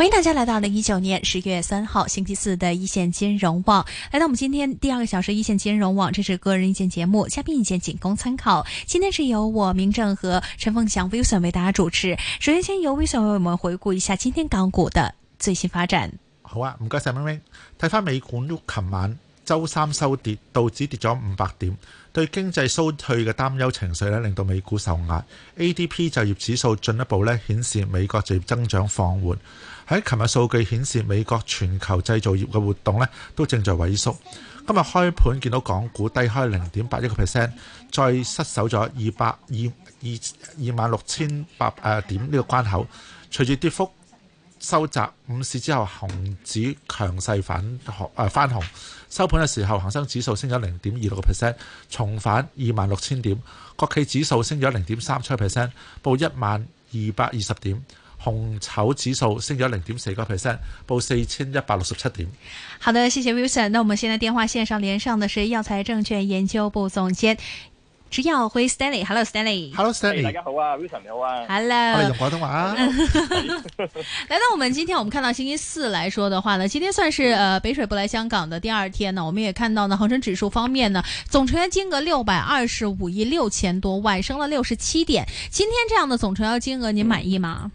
歡迎大家來到二零一九年十月三號星期四的一線金融網。來到我們今天第二個小時一線金融網，這是個人意見節目，嘉賓意見僅供參考。今天是由我明正和陳鳳祥 Wilson 為大家主持。首先，先由 Wilson 為我們回顧一下今天港股的最新發展。好啊，唔該晒，明明。睇翻美股都，琴晚周三收跌，道指跌咗五百點，對經濟衰退嘅擔憂情緒呢令到美股受壓。ADP 就業指數進一步呢顯示美國就業增長放緩。喺琴日數據顯示，美國全球製造業嘅活動咧都正在萎縮。今日開盤見到港股低開零點八一個 percent，再失守咗二百二二二萬六千八百誒點呢個關口。隨住跌幅收窄，午市之後恆指強勢反紅誒翻紅，收盤嘅時候，恒生指數升咗零點二六個 percent，重返二萬六千點。國企指數升咗零點三七 percent，報一萬二百二十點。紅籌指數升咗零點四個 percent，報四千一百六十七點。好的，謝謝 Wilson。那我們現在電話線上連上的是藥材證券研究部總監植耀輝 Stanley。Hello Stanley。Hello Stanley。大家好啊，Wilson 你好啊。Hello 歡迎用啊。用廣東話。來到我們今天，我們看到星期四來說的話呢，今天算是呃北水不來香港的第二天呢。我們也看到呢，恒生指數方面呢，總成交金額六百二十五億六千多萬，升了六十七點。今天這樣的總成交金額，您滿意嗎？嗯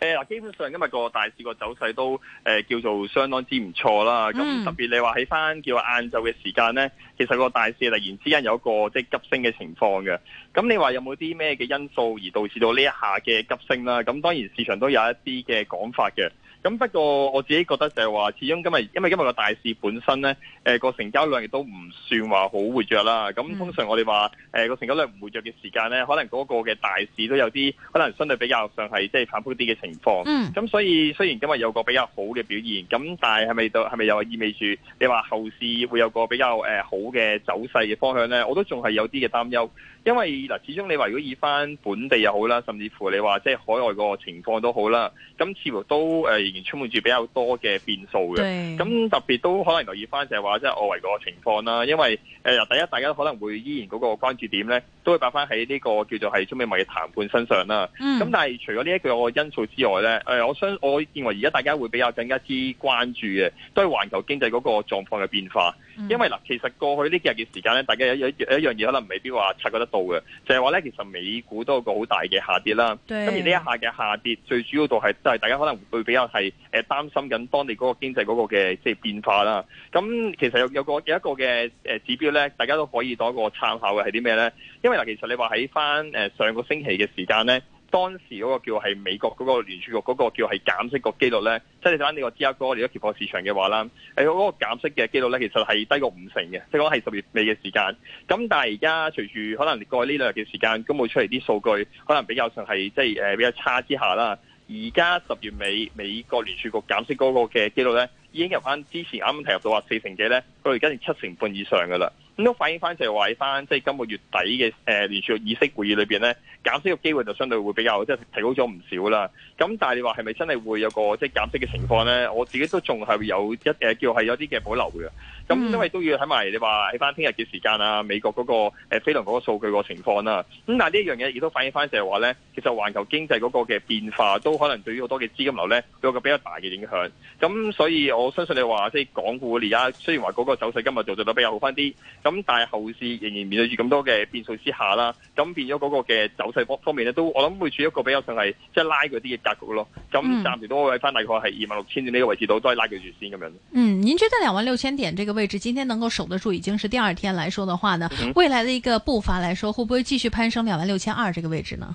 誒，嗱，基本上今日個大市個走勢都誒叫做相當之唔錯啦。咁、嗯、特別你話起翻、叫晏晝嘅時間咧，其實個大市突然之間有一個即係急升嘅情況嘅。咁你話有冇啲咩嘅因素而導致到呢一下嘅急升啦？咁當然市場都有一啲嘅講法嘅。咁不過我自己覺得就係話，始終今日因為今日個大市本身咧，誒、呃、個成交量亦都唔算話好活躍啦。咁通常我哋話誒個成交量唔活躍嘅時間咧，可能嗰個嘅大市都有啲可能相對比較上係即係反覆啲嘅情況。咁、嗯、所以雖然今日有個比較好嘅表現，咁但係係咪到係咪又係意味住你話後市會有個比較、呃、好嘅走勢嘅方向咧？我都仲係有啲嘅擔憂。因為嗱，始終你話如果以翻本地又好啦，甚至乎你話即係海外個情況都好啦，咁似乎都誒仍然充滿住比較多嘅變數嘅。咁特別都可能留意翻就係話即係外圍個情況啦，因為、呃、第一大家都可能會依然嗰個關注點咧，都會擺翻喺呢個叫做係中美貿易談判身上啦。咁、嗯、但係除咗呢一個因素之外咧、呃，我相我認為而家大家會比較更加之關注嘅，都係環球經濟嗰個狀況嘅變化。嗯、因為嗱，其實過去呢幾日嘅時間咧，大家有一一樣嘢可能未必話察覺得到嘅，就係話咧，其實美股都有個好大嘅下跌啦。咁而呢一下嘅下跌，最主要度係都係大家可能會比較係誒擔心緊當地嗰個經濟嗰個嘅即係變化啦。咁其實有有個嘅一個嘅誒指標咧，大家都可以多一個參考嘅係啲咩咧？因為嗱，其實你話喺返誒上個星期嘅時間咧。當時嗰個叫係美國嗰個聯儲局嗰個叫係減息個機率咧，即係睇翻呢個芝加哥如果貼貨市場嘅話啦，誒、那、嗰個減息嘅機率咧，其實係低過五成嘅，即係講係十月尾嘅時間。咁但係而家隨住可能過呢兩日嘅時間，咁會出嚟啲數據可能比較上係即係比較差之下啦。而家十月尾美國聯儲局減息嗰個嘅機率咧，已經入翻之前啱啱提及到話四成幾呢。咧，佢而家係七成半以上噶啦。咁都反映翻就係話翻即係今個月底嘅誒聯儲局議息會議裏邊咧。減息嘅機會就相對會比較即係、就是、提高咗唔少啦。咁但係你話係咪真係會有個即係減息嘅情況咧？我自己都仲係有一誒、呃、叫係有啲嘅保留嘅。咁因為都要睇埋你話喺翻聽日嘅時間啊，美國嗰、那個菲、呃、非農嗰個數據個情況啦。咁但係呢一樣嘢亦都反映翻就係話咧，其實環球經濟嗰個嘅變化都可能對於好多嘅資金流咧，會有個比較大嘅影響。咁所以我相信你話即係港股而家雖然話嗰個走勢今日做做得比較好翻啲，咁但係後市仍然面對住咁多嘅變數之下啦，咁變咗嗰個嘅走。走方面咧，都我諗會處一個比較上係即係拉佢啲嘅格局咯。咁、嗯、暫時都喺翻大概係二萬六千點呢個位置度都係拉佢住先咁樣。嗯，您覺得兩萬六千點這個位置，今天能夠守得住，已經是第二天來說的話呢嗯嗯。未來的一個步伐來說，會不會繼續攀升兩萬六千二這個位置呢？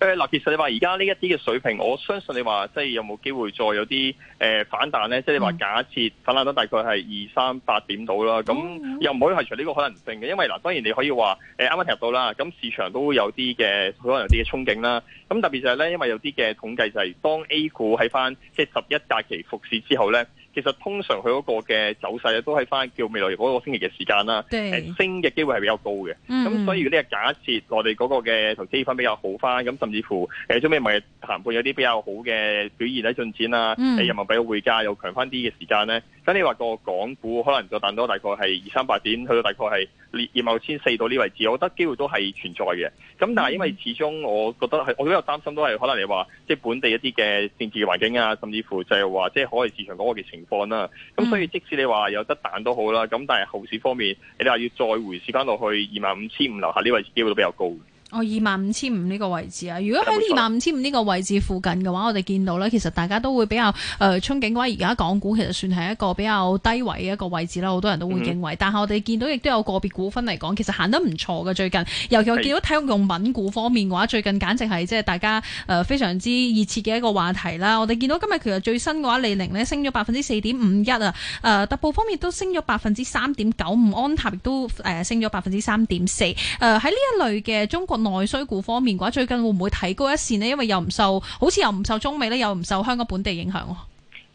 誒，嗱，其實你話而家呢一啲嘅水平，我相信你話即係有冇機會再有啲誒反彈咧？即係你話假設、嗯、反彈得大概係二三八點度啦，咁又唔可以排除呢個可能性嘅。因為嗱，當然你可以話誒啱啱提到啦，咁市場都有啲嘅可能有啲嘅憧憬啦。咁特別就係咧，因為有啲嘅統計就係、是、當 A 股喺翻即係十一假期復市之後咧。其實通常佢嗰個嘅走勢都係翻叫未來嗰個星期嘅時間啦，升嘅機會係比較高嘅。咁、嗯嗯、所以呢個假設，我哋嗰個嘅投資分比較好翻，咁甚至乎誒中美咪係談判有啲比較好嘅表現喺進展啦、嗯，人民幣嘅匯價又強翻啲嘅時間咧，咁你話個港股可能就彈多大概係二三百點，去到大概係二萬五千四到呢位置，我覺得機會都係存在嘅。咁但係因為始終我覺得我都有擔心都係可能你話即係本地一啲嘅政治環境啊，甚至乎就係話即係海外市場嗰個嘅情放、嗯、啦，咁所以即使你話有得彈都好啦，咁但係後市方面，你話要再回試翻落去二萬五千五樓下呢位，機會都比較高。哦，二萬五千五呢個位置啊！如果喺二萬五千五呢個位置附近嘅話，我哋見到呢其實大家都會比較誒憧憬嘅話，而家港股其實算係一個比較低位嘅一個位置啦。好多人都會認為，嗯、但係我哋見到亦都有個別股份嚟講，其實行得唔錯嘅最近。尤其我見到體育用品股方面嘅話，最近簡直係即係大家誒非常之熱切嘅一個話題啦。我哋見到今日其實最新嘅話，李寧呢升咗百分之四點五一啊！誒，特步方面都升咗百分之三點九五安，安踏亦都誒升咗百分之三點四。喺、呃、呢一類嘅中國。內需股方面嘅話，最近會唔會睇高一線呢？因為又唔受，好似又唔受中美咧，又唔受香港本地影響。誒、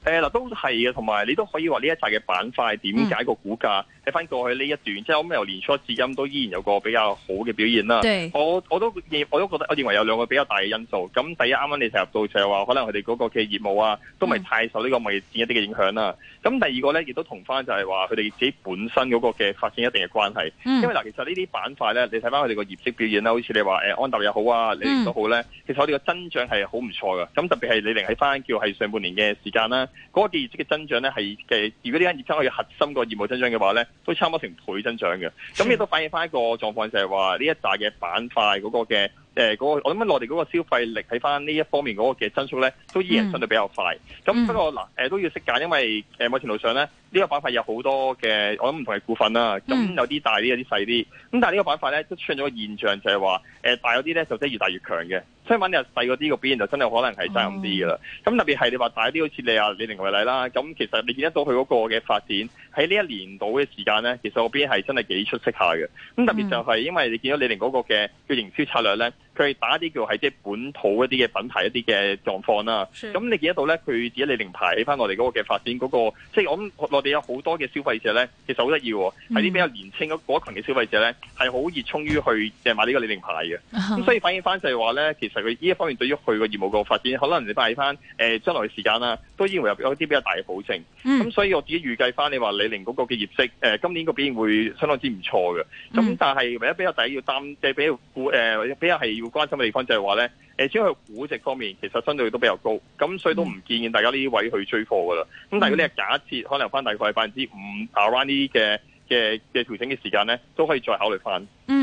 嗯，嗱，都係嘅，同埋你都可以話呢一紮嘅板塊點解個股價，睇翻過去呢一段，即係咁由年初至今都依然有個比較好嘅表現啦。我我都認我都覺得我認為有兩個比較大嘅因素。咁第一啱啱你成日到就係話，可能佢哋嗰個嘅業務啊，都未太受呢個貿易戰一啲嘅影響啦。咁、嗯、第二個咧，亦都同翻就係話佢哋自己本身嗰個嘅發展一定嘅關係。嗯、因為嗱，其實呢啲板塊咧，你睇翻佢哋個業績表現啦，好似你話誒安踏又好啊，李寧都好咧、嗯，其實佢哋嘅增長係好唔錯嘅。咁特別係李寧喺翻叫係上半年嘅時間啦，嗰、那個業績嘅增長咧係嘅。如果呢間業績可以核，核心個業務增長嘅話咧。都差唔多成倍增長嘅，咁、嗯、亦、嗯、都反映翻一個狀況，就係話呢一紮嘅板塊嗰個嘅，誒、呃、嗰、那個、我諗緊內地嗰個消費力喺翻呢一方面嗰個嘅增速咧，都依然相對比較快。咁、嗯、不過嗱、呃，都要識揀，因為誒某程度上咧。呢、這個板塊有好多嘅，我諗唔同嘅股份啦。咁有啲大啲，有啲細啲。咁但係呢個板塊咧，都出現咗個現象就、呃，就係話，大嗰啲咧就真係越大越強嘅。相反你，你，細嗰啲個邊就真係可能係爭咁啲噶啦。咁特別係你話大啲，好似你阿李寧為例啦。咁其實你見得到佢嗰個嘅發展喺呢一年度嘅時間咧，其實個邊係真係幾出色下嘅。咁特別就係因為你見到李寧嗰個嘅叫營銷策略咧。佢打啲叫係即係本土一啲嘅品牌一啲嘅狀況啦。咁你見得到咧，佢自己李寧牌喺翻我哋嗰個嘅發展嗰、那個，即、就、係、是、我我哋有好多嘅消費者咧，其實好得意喎，係、嗯、啲比較年輕嗰群嘅消費者咧，係好熱衷於去即係買呢個李寧牌嘅。咁、嗯、所以反映翻就係話咧，其實佢呢一方面對於佢個業務個發展，可能你睇翻誒將來嘅時間啦，都認為有啲比較大嘅保證。咁、嗯、所以我自己預計翻你話李寧嗰個嘅業績，誒、呃、今年個表現會相當之唔錯嘅。咁、嗯、但係唯一比較抵要擔，即係比較顧、呃、比較係。要關心嘅地方就係話咧，誒，因為估值方面其實相對都比較高，咁所以都唔建議大家呢啲位去追貨噶啦。咁但係如果你係假設，可能翻大概百分之五 around 呢啲嘅嘅嘅調整嘅時間咧，都可以再考慮翻。嗯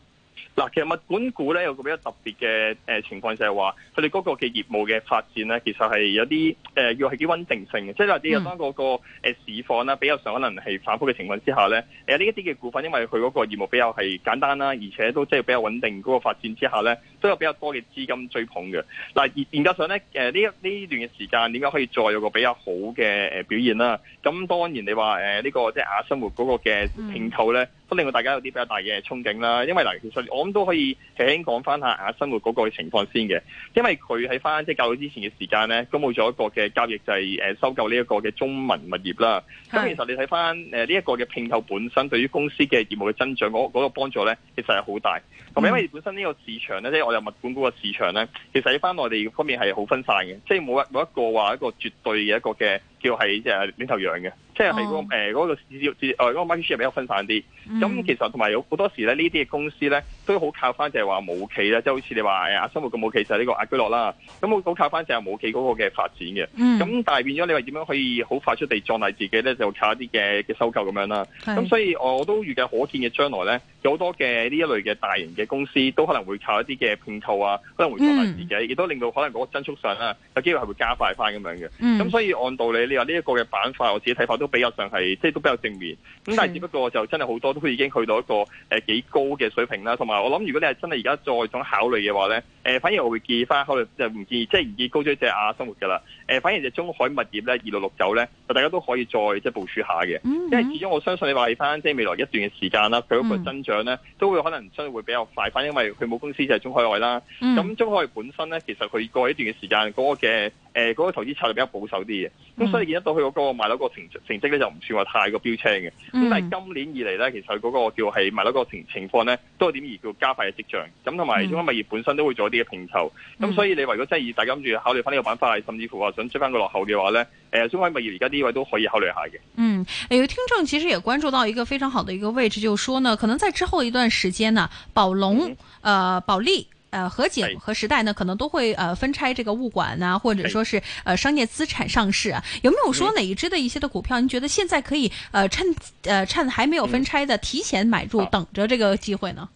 嗱，其實物管股咧有個比較特別嘅誒情況，就係話佢哋嗰個嘅業務嘅發展咧，其實係有啲誒要係幾穩定性嘅，即係話，啲有當嗰個市況啦，比較上可能係反覆嘅情況之下咧，誒呢一啲嘅股份，因為佢嗰個業務比較係簡單啦，而且都即係比較穩定嗰個發展之下咧，都有比較多嘅資金追捧嘅。嗱、呃，研加上咧誒呢一呢、呃、段嘅時間點解可以再有個比較好嘅誒表現啦？咁當然你話誒呢個即係雅生活嗰個嘅併購咧。嗯都令到大家有啲比較大嘅憧憬啦，因為嗱，其實我咁都可以輕輕講翻下啊生活嗰個情況先嘅，因為佢喺翻即係較早之前嘅時間咧，公布咗一個嘅交易就係誒收購呢一個嘅中民物業啦。咁其實你睇翻誒呢一個嘅併購本身，對於公司嘅業務嘅增長嗰嗰、嗰個幫助咧，其實係好大。咁因為本身呢個市場咧、嗯，即係我哋物管股嗰個市場咧，其實喺翻內地方面係好分散嘅，即係冇一冇一個話一個絕對嘅一個嘅。叫係誒領頭羊嘅，即係係嗰誒嗰個嗰、哦呃嗰個 market share 比較分散啲。咁、嗯、其實同埋有好多時咧，呢啲嘅公司咧都好靠就係企係好靠翻，就係話冇企啦，即係好似你話誒阿生活咁冇企就係呢個阿居樂啦。咁好靠翻就係冇企嗰個嘅發展嘅。咁、嗯、但係變咗你話點樣可以好快速地壯大自己咧？就靠一啲嘅嘅收購咁樣啦。咁所以我都預計可見嘅將來咧，有好多嘅呢一類嘅大型嘅公司都可能會靠一啲嘅併購啊，可能會壯大自己，亦、嗯、都令到可能嗰個增速上啦有機會係會加快翻咁樣嘅。咁、嗯、所以按道理。你話呢一個嘅板塊，我自己睇法都比較上係即係都比較正面。咁但係只不過就真係好多都已經去到一個誒幾高嘅水平啦。同埋我諗，如果你係真係而家再想考慮嘅話咧，誒反而我會建議翻考慮就唔建議，即係唔建議高追隻亞生活噶啦。誒，反而就中海物業咧，二六六九咧，就大家都可以再即係部署下嘅、嗯嗯，因為始終我相信你話翻，即係未來一段嘅時間啦，佢嗰個增長咧、嗯、都會可能相對會比較快翻，因為佢冇公司就係中海外啦。咁、嗯、中海外本身咧，其實佢過一段嘅時間嗰、嗰個嘅誒嗰個投資策略比較保守啲嘅，咁、嗯、所以見得到佢嗰個賣樓個成成績咧就唔算話太過標青嘅。咁、嗯、但係今年以嚟咧，其實佢嗰個叫係賣樓個情情況咧都係點而叫加快嘅跡象。咁同埋中海物業本身都會做一啲嘅拼籌，咁所以你如果真係以大家諗住考慮翻呢個板塊，甚至乎、就是咁追翻個落後嘅話呢，誒，中海物業而家呢位都可以考慮下嘅。嗯，有聽眾，其實也關注到一個非常好的一個位置，就是說呢，可能在之後一段時間呢，寶龍、嗯、呃保利呃合景和、和時代呢，可能都會呃分拆這個物管啊，或者說是、嗯、呃商業資產上市啊。有沒有說哪一支的一些的股票，嗯、你覺得現在可以呃趁呃趁還沒有分拆的，提前買入、嗯，等着這個機會呢？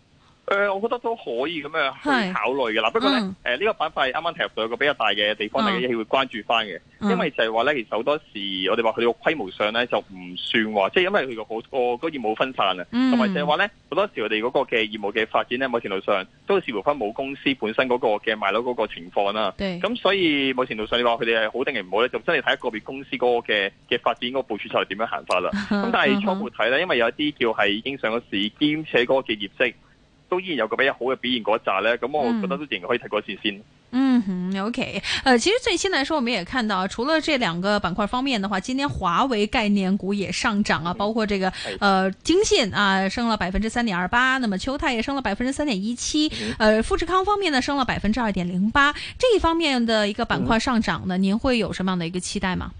誒、呃，我覺得都可以咁樣去考慮㗎喇。不過咧，誒、嗯、呢、呃這個板塊啱啱踏入到一個比較大嘅地方，大家一起會關注翻嘅，嗯。因為就係話咧，其實好多時我哋話佢個規模上咧就唔算話，即、就、係、是、因為佢個好個個業務分散啊，同、嗯、埋就係話咧好多時我哋嗰個嘅業務嘅發展咧，某程度上都視乎翻冇公司本身嗰個嘅賣樓嗰個情況啦。咁所以某程度上你話佢哋係好定係唔好咧，就真係睇個別公司嗰個嘅嘅發展個部署就係點樣行法啦。咁、嗯嗯、但係初步睇咧，因為有一啲叫係已經上咗市兼且嗰個嘅業績。都依然有個比較好嘅表現嗰一紮呢。咁我覺得都仍然可以睇過一次先。嗯，嗯，OK、呃、其實最新來說我們也看到，除了這兩個板塊方面嘅話，今天華為概念股也上漲啊，包括這個，嗯、呃京信啊，升了百分之三點二八，那麼秋泰也升了百分之三點一七，呃富士康方面呢，升了百分之二點零八，這一方面嘅一個板塊上漲呢，您會有什麼樣嘅一個期待嗎？嗯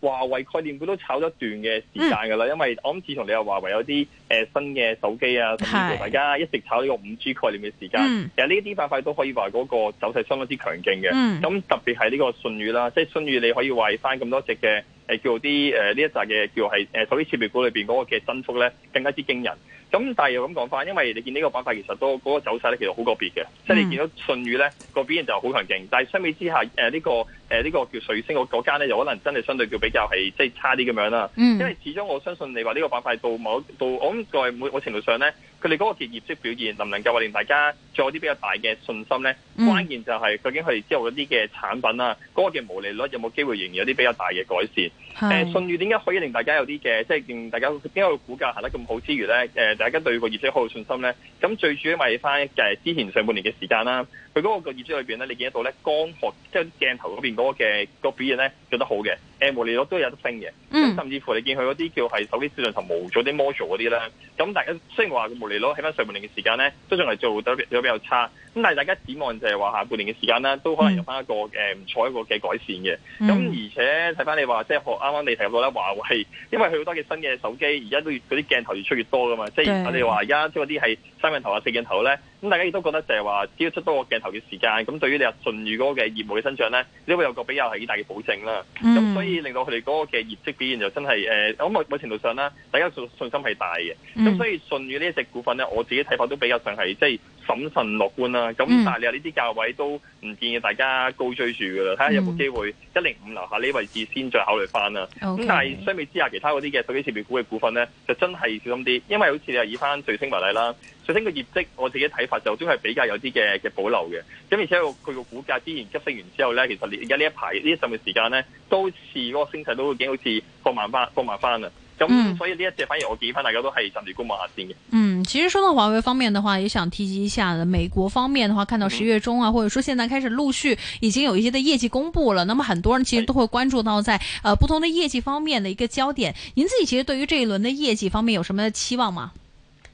華為概念股都炒咗一段嘅時間噶啦，因為我諗自從你話華為有啲誒、呃、新嘅手機啊，同埋大家一直炒呢個五 G 概念嘅時間，嗯，其實呢啲板塊都可以話嗰個走勢相當之強勁嘅。咁，嗯、特別係呢個舜宇啦，即係舜宇你可以話翻咁多隻嘅誒，叫做啲誒呢一紮嘅叫係誒、呃、手機設備股裏邊嗰個嘅增幅咧，更加之驚人。咁但係又咁講翻，因為你見呢個板塊其實都嗰、那個走勢咧，其實好個別嘅、嗯，即係你見到信譽咧個表現就好強勁，但係相比之下，呢、呃這個呢、呃這個叫水星嗰間咧，又可能真係相對叫比較係即係差啲咁樣啦、嗯。因為始終我相信你話呢個板塊到某到，我咁在每個程度上咧，佢哋嗰個嘅業績表現能唔能夠話令大家再啲比較大嘅信心咧、嗯？關鍵就係究竟佢之後嗰啲嘅產品啊，嗰、那個嘅毛利率有冇機會仍然有啲比較大嘅改善？誒信譽點解可以令大家有啲嘅，即係令大家點解個股價行得咁好之餘咧、呃？大家對個業績好有信心咧？咁最主要咪翻誒之前上半年嘅時間啦，佢嗰個個業績裏邊咧，你見得到咧，光學即係、就是、鏡頭嗰邊嗰個嘅、那個表現咧，做得好嘅。誒毛利率都有得升嘅，嗯，甚至乎你見佢嗰啲叫係手機攝像頭冇咗啲 module 嗰啲咧，咁大家雖然話個毛利率喺翻上半年嘅時間咧，都仲係做得比，比較差，咁但係大家展望就係話下半年嘅時間咧，都可能有翻一個誒唔錯一個嘅改善嘅。咁、嗯嗯嗯嗯、而且睇翻你話即係學啱啱你提到咧，華為因為佢好多嘅新嘅手機而家都越嗰啲鏡頭越出越多噶嘛，嗯、即係我哋話而家即係嗰啲係三鏡頭啊四鏡頭咧，咁大家亦都覺得就係話只要出多個鏡頭嘅時間，咁對於你話順裕嗰個嘅業務嘅增長咧，你會有個比較係幾大嘅保證啦。咁所以。嗯所以令到佢哋嗰個嘅業績表現就真係誒，咁、呃、某程度上咧，大家信信心係大嘅。咁、嗯、所以信譽呢隻股份咧，我自己睇法都比較上係，即係。審慎樂觀啦、啊，咁但係你話呢啲價位都唔建議大家高追住噶啦，睇、嗯、下有冇機會一零五樓下呢位置先再考慮翻啦、啊。咁、okay。但係相比之下，其他嗰啲嘅手機設備股嘅股份咧，就真係小心啲，因為好似你話以翻瑞星為例啦，瑞星嘅業績我自己睇法就都係比較有啲嘅嘅保留嘅。咁而且佢個股價之前急升完之後咧，其實而家呢一排呢一陣嘅時間咧，都似嗰個升勢都好似放慢翻放慢翻啦，咁所以呢一隻反而我建議翻大家都係暫時觀望下先嘅。嗯其實說到華為方面的話，也想提及一下，美國方面的話，看到十月中啊，或者說現在開始陸續已經有一些的業績公布了。那麼很多人其實都會關注到在呃不同的業績方面的一個焦點。您自己其實對於這一輪的業績方面有什麼期望嗎？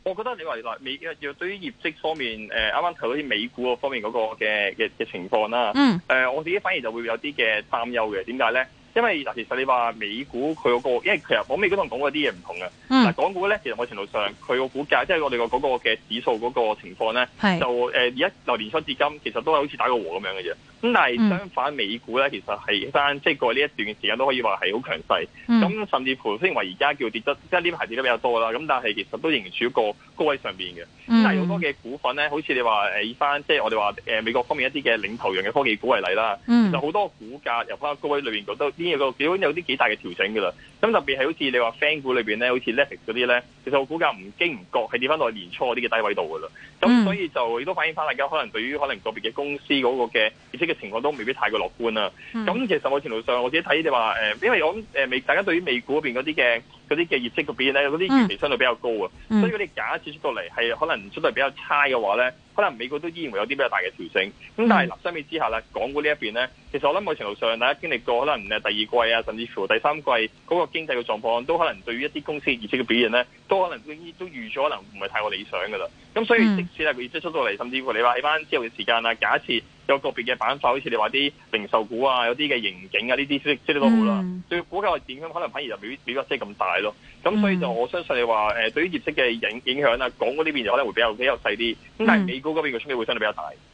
我覺得你話，美、呃，對於業績方面，誒啱啱提到啲美股方面嗰、那個嘅嘅情況啦、啊。嗯、呃。我自己反而就會有啲嘅擔憂嘅，點解呢？因為其實你話美股佢嗰、嗰個，因為其實我美股同講港股啲嘢唔同嘅。嗱、嗯，港股咧，其實某程度上佢個股價，即係我哋個嗰個嘅指數嗰個情況咧，就誒而家由年初至今，其實都係好似打個和咁樣嘅啫。咁但係相反美股咧，其實係一間即係過呢一段時間都可以話係好強勢。咁、嗯、甚至乎雖然話而家叫跌得，即係呢排跌得比較多啦。咁但係其實都仍然處喺個高位上邊嘅、嗯。但係好多嘅股份咧，好似你話以翻，即係我哋話誒美國方面一啲嘅領頭羊嘅科技股為例啦。就好多股價入翻高位裏邊，覺已經有幾有啲幾大嘅調整噶啦，咁特別係好似你話 Fan 股裏邊咧，好似 Netflix 嗰啲咧，其實我估計唔經唔覺係跌翻落年初嗰啲嘅低位度噶啦，咁、嗯、所以就亦都反映翻大家可能對於可能個別嘅公司嗰個嘅業績嘅情況都未必太過樂觀啊。咁、嗯、其實我前路上我自己睇你話誒，因為我誒諗大家對於美股嗰邊嗰啲嘅。嗰啲嘅業績嘅表現咧，嗰啲預期相對比較高啊、嗯嗯，所以嗰啲假設出到嚟係可能相對比較差嘅話咧，可能美國都依然會有啲比較大嘅調整。咁但係相比之下啦，港股呢一邊咧，其實我諗某程度上大家經歷過可能誒第二季啊，甚至乎第三季嗰個經濟嘅狀況，都可能對於一啲公司業績嘅表現咧，都可能都預咗可能唔係太過理想噶啦。咁所以即使係佢出到嚟，甚至乎你話起返之後嘅時間啊，假設。有個別嘅板塊，好似你話啲零售股啊，有啲嘅盈警啊，呢啲即即都好啦、嗯。對股價影響可能反而就比表得即係咁大咯。咁所以就、嗯、我相信你話誒、呃，對於業績嘅影影響啊，港股呢邊就可能會比較比較細啲，但係美股嗰邊嘅衝擊會相對比較大。嗯嗯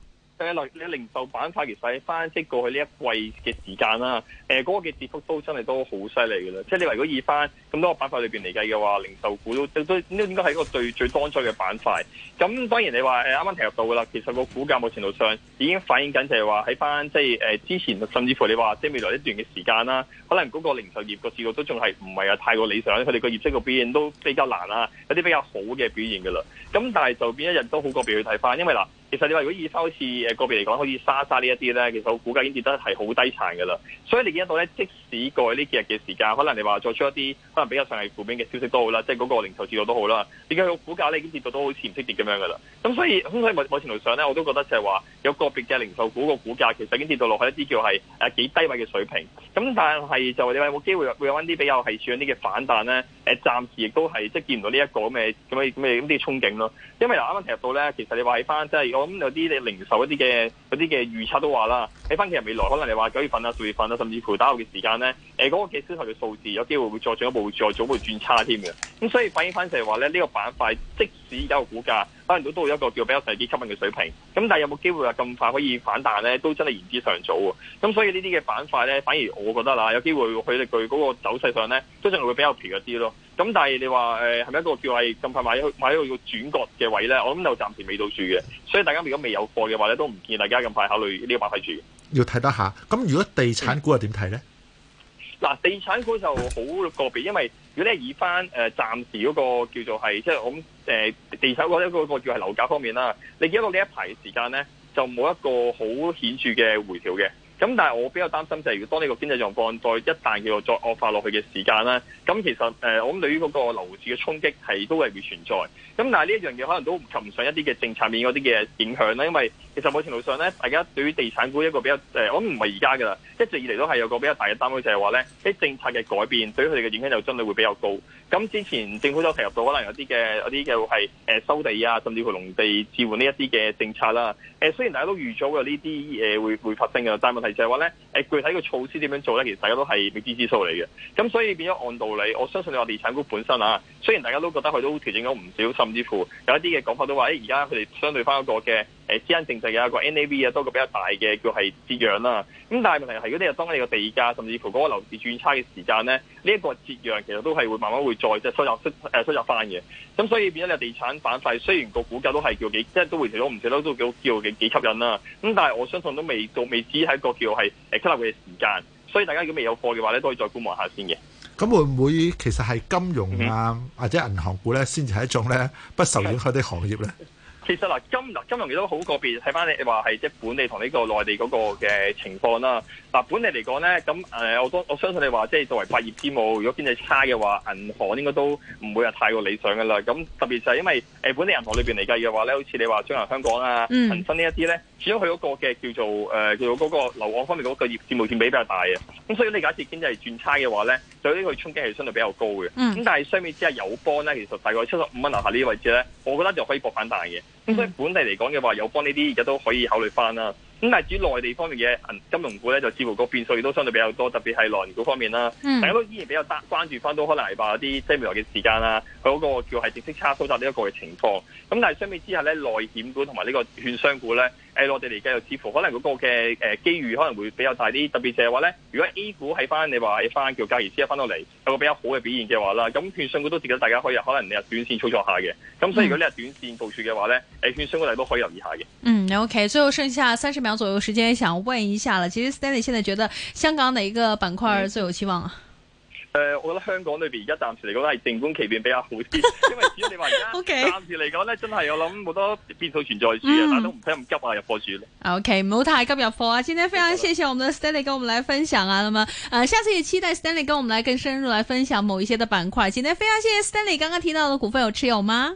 你、就是、零售板塊其實喺翻即過去呢一季嘅時間啦，誒、那、嗰個嘅跌幅都真係都好犀利嘅啦。即係你話如果以翻咁多個板塊裏邊嚟計嘅話，零售股都都應該係一個最最當追嘅板塊。咁當然你話誒啱啱提及到啦，其實那個股價某程度上已經反映緊就係話喺翻即係誒之前甚至乎你話即係未來一段嘅時間啦，可能嗰個零售業個市道都仲係唔係啊太過理想？佢哋個業績個表現都比較難啊，有啲比較好嘅表現嘅啦。咁但係就變一日都好過別去睇翻，因為嗱。其實你話如果以收似誒個別嚟講，好似莎莎呢一啲咧，其實個股價已經跌得係好低殘㗎啦。所以你見得到咧，即使過去呢幾日嘅時間，可能你話作出一啲可能比較上係負面嘅消息都好啦，即係嗰個零售資料都好啦，而家個股價咧已經跌到都好似唔識跌咁樣㗎啦。咁所以，喺某某程度上咧，我都覺得就係話有個別嘅零售股個股價其實已經跌到落去一啲叫係誒幾低位嘅水平。咁但係就你話有冇機會會有啲比較係算一啲嘅反彈咧，誒暫時亦都係即係見唔到呢、這、一個咁嘅咁嘅咁嘅咁啲憧憬咯。因為由啱啱提及到咧，其實你話喺翻即係咁、嗯、有啲你零售一啲嘅嗰啲嘅預測都話啦，喺返其實未來可能你話九月份啊、十月份啊，甚至乎打後嘅時間咧，誒、呃、嗰、那個嘅銷售嘅數字有機會會再進一步，再進一步轉差添嘅。咁、嗯、所以反映翻就係話咧，呢、這個板塊即使有個股價。可能都都一個叫比較細啲吸引嘅水平，咁但係有冇機會話咁快可以反彈咧？都真係言之尚早啊！咁、嗯、所以呢啲嘅板塊咧，反而我覺得啦，有機會佢哋佢嗰個走勢上咧，都仲係會比較平一啲咯。咁、嗯、但係你話誒係咪一個叫係咁快買一買一個要轉角嘅位咧？我諗就暫時未到住嘅。所以大家如果未有貨嘅話咧，都唔建議大家咁快考慮呢個板塊住。要睇得下。咁如果地產股又點睇咧？嗯嗱，地產股就好個別，因為如果你以翻誒暫時嗰個叫做係，即係我誒地產股一個叫係樓價方面啦，你見到呢一排嘅時間咧，就冇一個好顯著嘅回調嘅。咁但係我比較擔心就係，如果當呢個經濟狀況再一旦叫做再惡化落去嘅時間啦，咁其實誒、呃、我諗對於嗰個樓市嘅衝擊係都係會存在。咁但係呢一樣嘢可能都唔及唔上一啲嘅政策面嗰啲嘅影響啦。因為其實某程度上咧，大家對於地產股一個比較誒、呃，我諗唔係而家㗎啦，一直以嚟都係有個比較大嘅擔憂就係話咧，啲政策嘅改變對於佢哋嘅影響就真係會比較高。咁之前政府都提及到可能有啲嘅、有啲嘅係誒收地啊，甚至乎農地置換呢一啲嘅政策啦。誒、呃、雖然大家都預咗呢啲誒會會，會發生嘅，但係問題就係話咧，誒具體個措施點樣做咧？其實大家都係未知之數嚟嘅。咁所以變咗按道理，我相信你話地產股本身啊，雖然大家都覺得佢都調整咗唔少，甚至乎有一啲嘅講法都話，誒而家佢哋相對翻一個嘅。誒資金淨值嘅一個 NAV 啊，多個比較大嘅叫係折讓啦。咁但係問題係，如果你係當你個地價，甚至乎嗰個樓市轉差嘅時間咧，呢一個折讓其實都係會慢慢會再即係收入收收入翻嘅。咁所以變咗你係地產板塊，雖然個股價都係叫幾，即係都會睇到唔少都叫幾幾吸引啦。咁但係我相信都未到，未知，係一個叫係誒吸納嘅時間。所以大家如果未有貨嘅話咧，都可以再觀望下先嘅。咁會唔會其實係金融啊，或者銀行股咧，先至係一種咧不受影響嘅行業咧？其實啦，金融金融亦都好個別，睇翻你話係即係本地同呢個內地嗰個嘅情況啦。嗱，本地嚟講咧，咁誒，我都我相信你話，即係作為百業之母，如果經濟差嘅話，銀行應該都唔會係太過理想嘅啦。咁特別就係因為誒本地銀行裏邊嚟計嘅話咧，好似你話將來香港啊、恒生這些呢一啲咧。嗯主要佢嗰個嘅叫做誒、呃，叫做嗰個樓按方面嗰個業業務佔比比較大嘅，咁所以你假設經濟轉差嘅話咧，對呢個衝擊係相對比較高嘅。咁、嗯、但係相比之下，友邦咧其實大概七十五蚊以下呢啲位置咧，我覺得就可以博反彈嘅。咁所以本地嚟講嘅話，友邦呢啲而家都可以考慮翻啦。咁但係至於內地方面嘅銀金融股咧，就似乎個變數亦都相對比較多，特別係內地股方面啦、嗯。大家都依然比較關注翻，都可能係話啲西面來嘅時間啊，嗰個叫係正式差收窄呢一個嘅情況。咁但係相比之下咧，內險股同埋呢個券商股咧。誒，我哋嚟計又似乎可能嗰個嘅誒機遇可能會比較大啲，特別就係話咧，如果 A 股喺翻你話翻叫交易市翻到嚟有個比較好嘅表現嘅話啦，咁券商股都值得大家可以可能你有短線操作下嘅，咁所以如果你有短線部署嘅話咧，誒券商股都都可以留意下嘅。嗯，OK，最後剩下三十秒左右時間，想問一下啦，其實 Stanley 現在覺得香港哪一個板塊最有期望啊？嗯呃、我覺得香港裏邊而家暫時嚟講都係靜觀其變比較好啲， 因為只要你話而家暫時嚟講呢， okay、真係我諗好多變數存在住啊、嗯，但都唔使咁急啊入貨住。O K，唔好太急入貨啊！今天非常謝謝我們的 Stanley 跟我們來分享啊，那麼呃下次也期待 Stanley 跟我們來更深入來分享某一些的板塊。今天非常謝謝 Stanley 剛剛提到的股份有持有嗎？